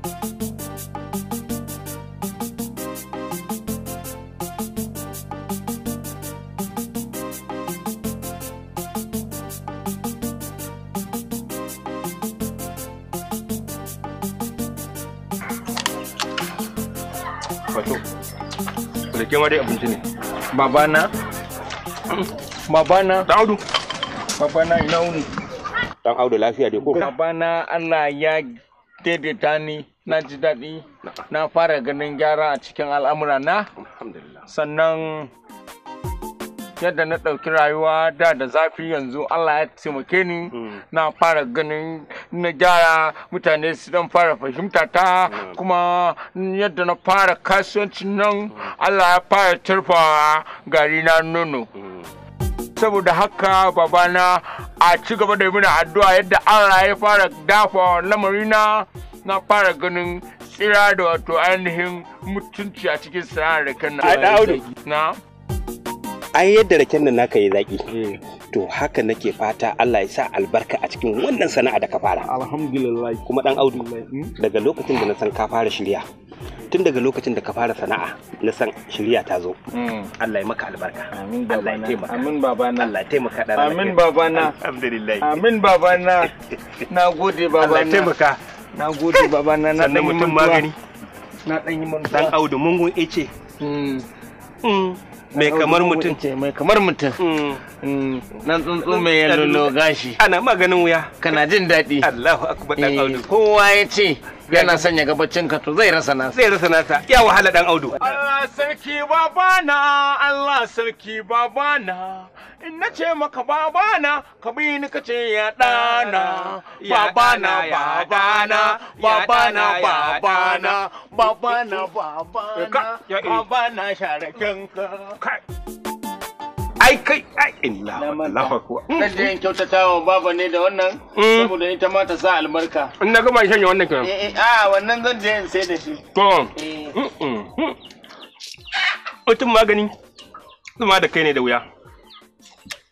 Wato, dai abinci ne. Babana? Babana? Dan Audu? Babana ina wuni. Dan Audu lafiya dai ko? Babana Allah ya daidaita ni na ji daɗi na fara ganin gyara a cikin al'amura na sannan yadda na ɗauki rayuwa da da zafi yanzu Allah ya taimake ni hmm. na fara ganin na gyara mutane su don fara fahimta ta hmm. kuma yadda na fara kasuwanci nan hmm. Allah ya fara turfawa gari na nono. saboda haka babana a ci gaba da mini addu'a yadda Allah ya fara dafa lamarina na fara ganin tsira da wato ainihin mutunci a cikin sana'ar da kan Na? Ai yadda raken nan naka yi zaki eh. To haka nake fata Allah ya sa albarka a cikin wannan sana'a da ka fara. Alhamdulillah. Kuma dan Audu hmm? daga lokacin da na san ka fara shirya. tun daga lokacin da ka fara sana'a na san shirya ta zo mm. Allah ya maka albarka Allah ya taimaka amin babana Allah ya taimaka dan amin babana alhamdulillah amin babana na gode babana Allah ya taimaka na gode babana na sannan mutum magani na dan yi mantuwa dan audu mungun ice mm. Mm. mai kamar mutum mai kamar mutum nan tsuntsu mai yalolo gashi ana maganin wuya kana jin daɗi Allahu akbar dan eh, audu kowa ya ce yana sanya gabacin ka to zai rasa nasa zai rasa nasa ya wahala dan audu Allah sarki babana Allah sarki babana in na ce maka babana ka bi ni kace ya dana babana babana babana babana babana babana babana sharakin ka ai kai ai inna Allahu akbar kan je in kyautata wa baba ne da wannan mm. saboda ita ma ta sa albarka in na gama shanye wannan kiran eh eh a ah, wannan zan je in sai da shi to eh. mm, mm, mutum magani kuma da kai ne da wuya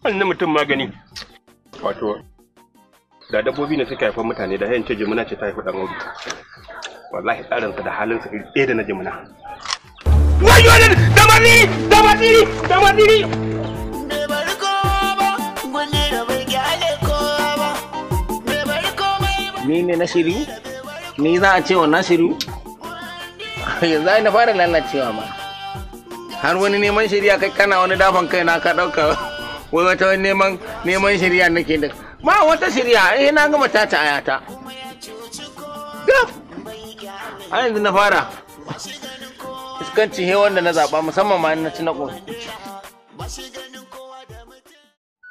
wannan mutum magani wato da dabbobi ne suka haifar mutane da hayan ce jimina ce ta haifi dan wuri wallahi tsarinsa da halinsa ɗaya da na jimina wayo da madiri da damadiri damadiri madiri ni ne na shiru ni za a cewa na shiru yanzu ai na fara lalacewa ma har wani neman shirya kai kana wani dafan kai na ka dauka wai wata wani neman neman na nake da ma wata shirya eh na gama ta ta ayata gaf a yanzu na fara iskanci he wanda na zaba musamman ma na ci na ƙofi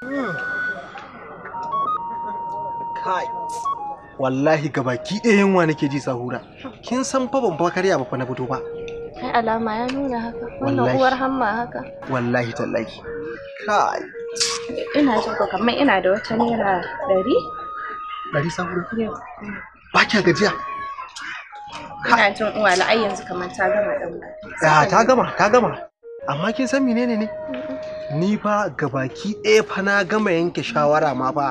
hmm. kai wallahi ga baki ɗaya yunwa nake ji sahura kin san fa ban fa karya ba fa na fito ba kai alama ya nuna haka wannan uwar hamma haka wallahi tallahi kai ina jin ko kamar ina da wata naira ɗari ɗari sahura ba kya gajiya ina jin uwa la'ai yanzu kamar ta gama ɗan ba ah, ta gama ta gama amma kin san menene ne ni fa gabaki ɗaya fa na gama yanke shawara ma fa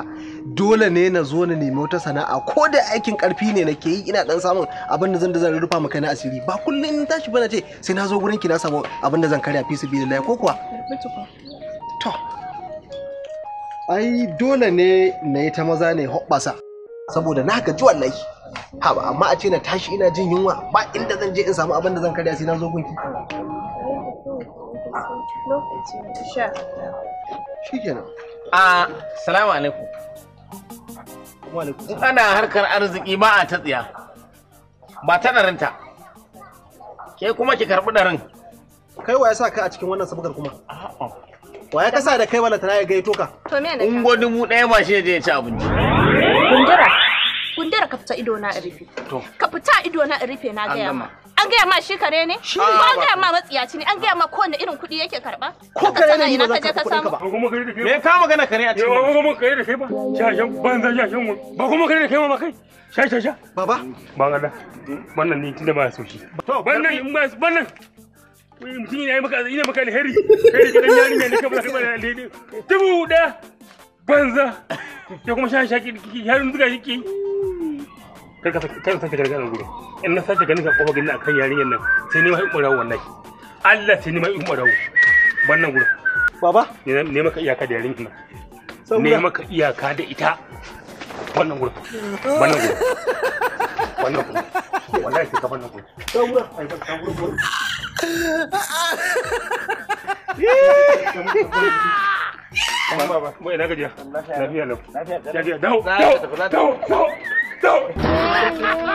dole ne na zo na nemi wata sana'a ko da aikin karfi ne nake yi ina dan samun abin da zan da zan rufa maka na asiri ba kullum in tashi bana ce sai na zo gurin ki na samu abin da zan karya fi su billahi ko kuwa to ai dole ne na yi ta maza ne hoɓɓasa saboda na ga ji wallahi ha ba amma a ce na tashi ina jin yunwa ba inda zan je in samu abin da zan karya sai na zo gunki lokaci insha shikenan a salamu alaikum in ana harkar arziki ba a ta tsiya ba ta ɗarinta ke kuma ki karɓi ɗarin kai wa ya sa ka a cikin wannan sabukar kuma wa ya kasa da kai wala tana gaito ka to me ne in go dubu ɗaya ba shi je ya ci abinci kundura kundura ka fita ido na rufe to ka fita ido na rufe na gaya ma An gaya ma shi kare ne? Shi an gaya ma matsiyaci ne, an gaya ma kowane irin kuɗi yake karɓa. Ko kare ne ina ka je ka samu. Me ka magana kare a cikin? Ba kuma kare da kai ba. ban banza shashen mu. Ba kuma kare da kai ma kai. Sha sha sha. Baba. Ban Allah. Wannan ni tunda ba so shi. To wannan in ba wannan mutum ne yana maka ina maka alheri kai da gidan yarinya ne kamar kai bana alheri dubu da banza ya kuma sha shan shaki yarin zuga shi kar sake gargaɗa nan guri in na sake ganin ka kofa gina akan yarinyar nan sai ni ma in ƙwararwa wannan Allah sai ni ma in ƙwararwa wannan baba ne maka iyaka da yarinyar nan ne maka iyaka da ita wannan gurin wannan gurin wannan gurin wallahi sai ka wannan gurin saura ai ba saura gurin Baba, mu ina gajiya. Lafiya lau. Lafiya lau. Dawo, dawo, dawo,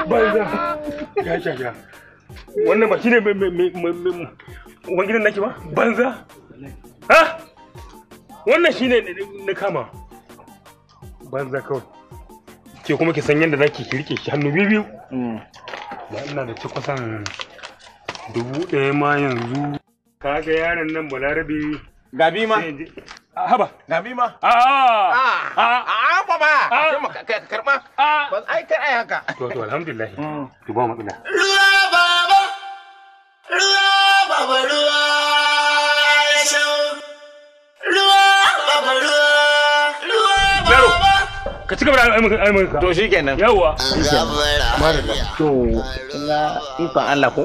banza ya sha sha wannan ba shine gidan ba banza ha wannan shine na kama banza kawai ke kuma ki san yadda zaki ki rike shi hannu biyu ba mm. ina da ci kusan dubu ɗaya ma yanzu kaga yaron nan balarabe gabi ma haba gabi ma a a a ba ah. ka karba ah. ba ai kar ai haka to to alhamdulillah mm. to ba matsala ruwa baba ruwa baba ruwa ruwa baba ruwa ruwa baba ka ci gaba da al'amuranka to shi kenan yawwa to na ikon Allah ko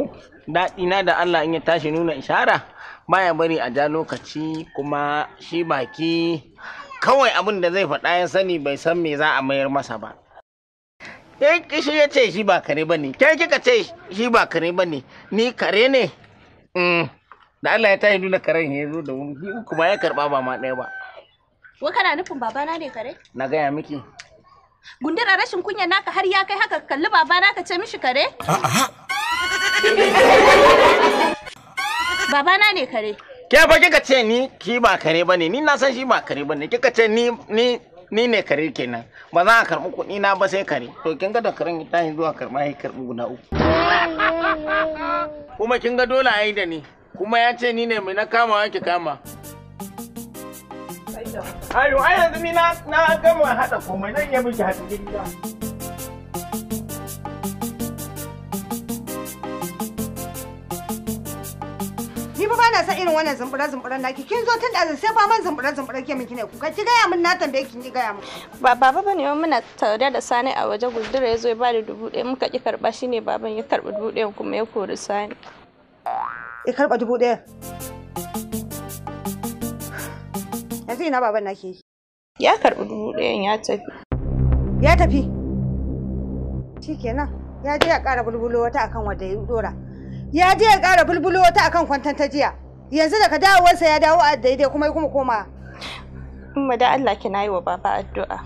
daɗina da Allah in ya tashi nuna ishara baya bari a ja lokaci kuma shi baki kawai abin da zai faɗa ya sani bai san me za a mayar masa ba yanki shi ya ce shi ba kare ba ne kai kika ce shi ba kare ba ne ni kare ne mm. da Allah ya tayi nuna karen ya zo da wuri kuma ya karɓa ba ma ɗaya ba wa kana nufin babana ne kare na gaya miki gundura rashin kunya naka har ya kai haka kalli babana ka ce mishi kare babana ne kare ke fa kika ce ni ki ba kare bane ni na san shi ba kare bane kika ce ni ni ni ne kare kenan ba za a karbi kuɗi na ba sai kare to kin ga da karen ta yi zuwa karɓa ya karbi guda uku kuma kin ga dole a yi da ni kuma ya ce ni ne mai na kama ki kama ayo ai yanzu ni na gama hada komai nan ya miki haɗin gida ina sa irin wannan zumbura zumburan naki kin zo tun da sai ba man zumbura zumbura ke miki ne kuka ki gaya min na tambaye kin ki gaya min ba baba bane mun muna tare da sani a waje guddura yazo ya ba da dubu ɗaya muka ki karba shine baban ya karba dubu ɗaya kuma ya kori sani ya karba dubu ɗaya yanzu ina baban naki ya karbi dubu ɗayan ya tafi ya tafi shikenan ya je ya ƙara bulbulo wata akan wadda ya dora ya je ya kara bulbulo wata akan kwantan ta jiya yanzu daga dawowarsa ya dawo a daidai kuma kuma koma umma da Allah kina yi wa baba addu'a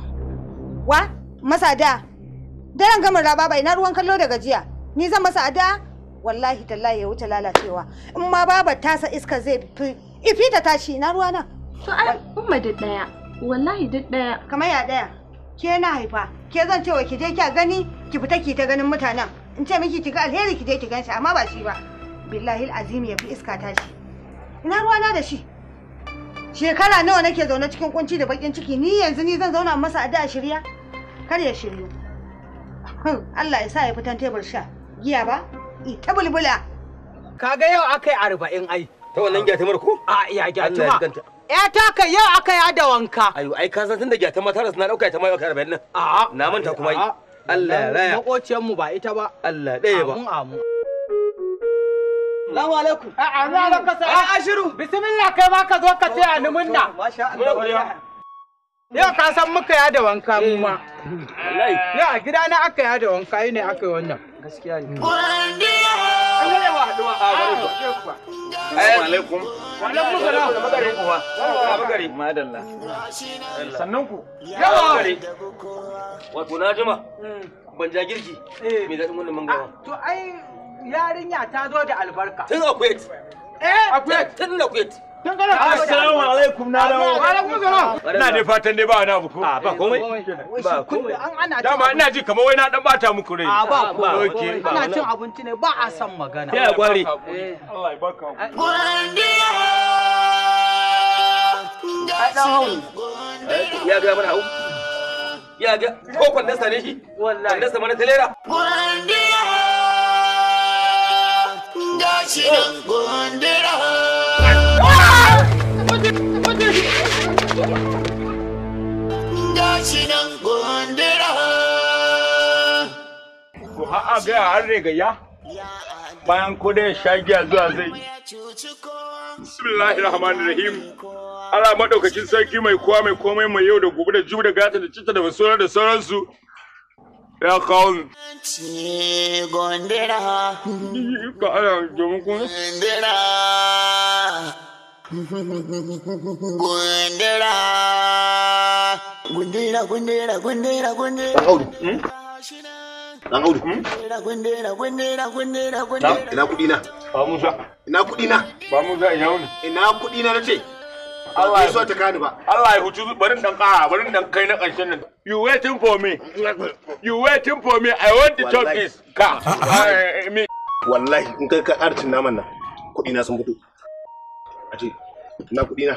wa masa da daren gamin raba bai na ruwan kallo da gajiya ni zan masa ada wallahi tallahi ya wuce lalacewa in ma baba tasa iska zai fi ta tashi na ruwa nan to ai umma da daya wallahi duk daya kamar ya daya ke na haifa ke zan cewa ki je ki gani ki fita ki ta ganin mutanen in ce miki ki ga alheri ki je ki shi. amma ba shi ba billahi alazim ya fi iska tashi ina ruwana da shi shekara nawa nake zaune cikin kunci da bakin ciki ni yanzu ni zan zauna masa a da shirya kar ya shiryu Allah ya sa ya fitan tebur sha giya ba ita bulbula kaga yau akai arba'in ai ta wannan ta ko a iya gyatuma ya eh, ta kai yau akai da wanka ayo ai ka san tunda giya ta rasu na dauka ta mai akai arba'in nan a na manta kuma yi Allah ya raya makociyar mu ba ita ba Allah ɗaya ba amun amun Salamu alaikum. a shiru. Bismillah kai ma ka zo ka ce a numunna. Masha Allah. Yau ka san muka ya da wanka mu ma. ya a gida na aka ya da wanka yi ne aka yi wannan. Gaskiya ne. alaikum. Sannan ku. Yawa. Wato na jima. Mm. Ban ja girki. Eh. Me daɗin wannan mangawa. To ai yarinya ta zo da albarka. Tun a Eh? A kwet. Tun Tun kana Assalamu alaikum na dawo. Wa alaikum salam. Ina dai fatan dai ba wani abu ko? A ba komai. Ba komai. An ana Dama ina ji kamar wai na dan bata muku rai. ba komai. cin abinci ne ba a san magana. Ya gware. Eh. Allah ya baka. Ya ga mana hau. Ya ga ko kwandasta ne shi? Wallahi. Kwandasta mana talera. shi nan gundura. a gaya an ya? bayan ko da sha giya zuwa zai. Bismillahir Rahmanir Rahim. ala madaukakin sarki mai kowa mai komai mai yau da gobe da jibi da gata da cita da basura da sauransu. ya kawun. Ci gondira. Ka ana jomukun. Gondira. Gondira. Gundira, gundira, gundira, gundira. Dan Audu. Dan hmm? Audu. Hmm? Gundira, gundira, gundira, Ina kuɗi na. Ba Musa. Ina kuɗi na. Ba Musa ina wuni. Ina kuɗi na na ce. Allah ya so ta kani ba. Allah ya hucu barin dan kara barin dan kai na ƙarshen nan. You waiting for me. You waiting for me. I want to talk this car. Wallahi in kai ka arcin cin naman nan kuɗi na sun fito. A ce na kuɗi na.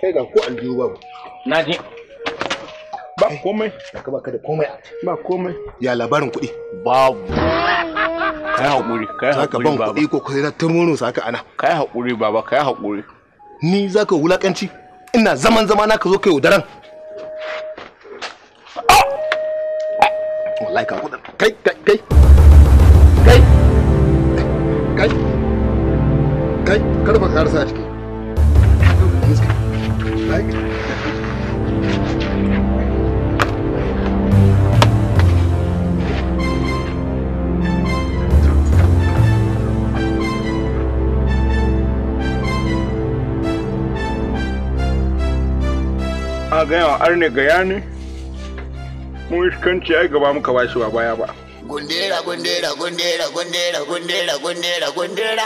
Kai ga ko aljihu babu. Na ji. Ba komai. Ka ba ka da komai. Ba komai. Ya labarin kuɗi. Babu. Kai haƙuri, kai haƙuri baba. ka ban kuɗi ko kai na turmono saka ana. Kai haƙuri baba, kai haƙuri. ni za ka wulakanci ina zaman zama na ka zo kai daren ah! ah! wallahi ka kudin kai kai kai kai kai kai karfa ka harsa a ciki gaya wa arne gaya ne mun iskanci ai gaba muka bashi ba baya ba gundera gundera gundera gundera gundera gundera gundera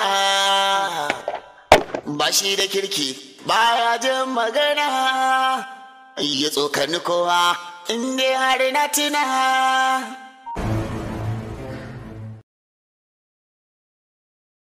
ba shi da kirki baya jin magana ya tsokani kowa inda dai har na tina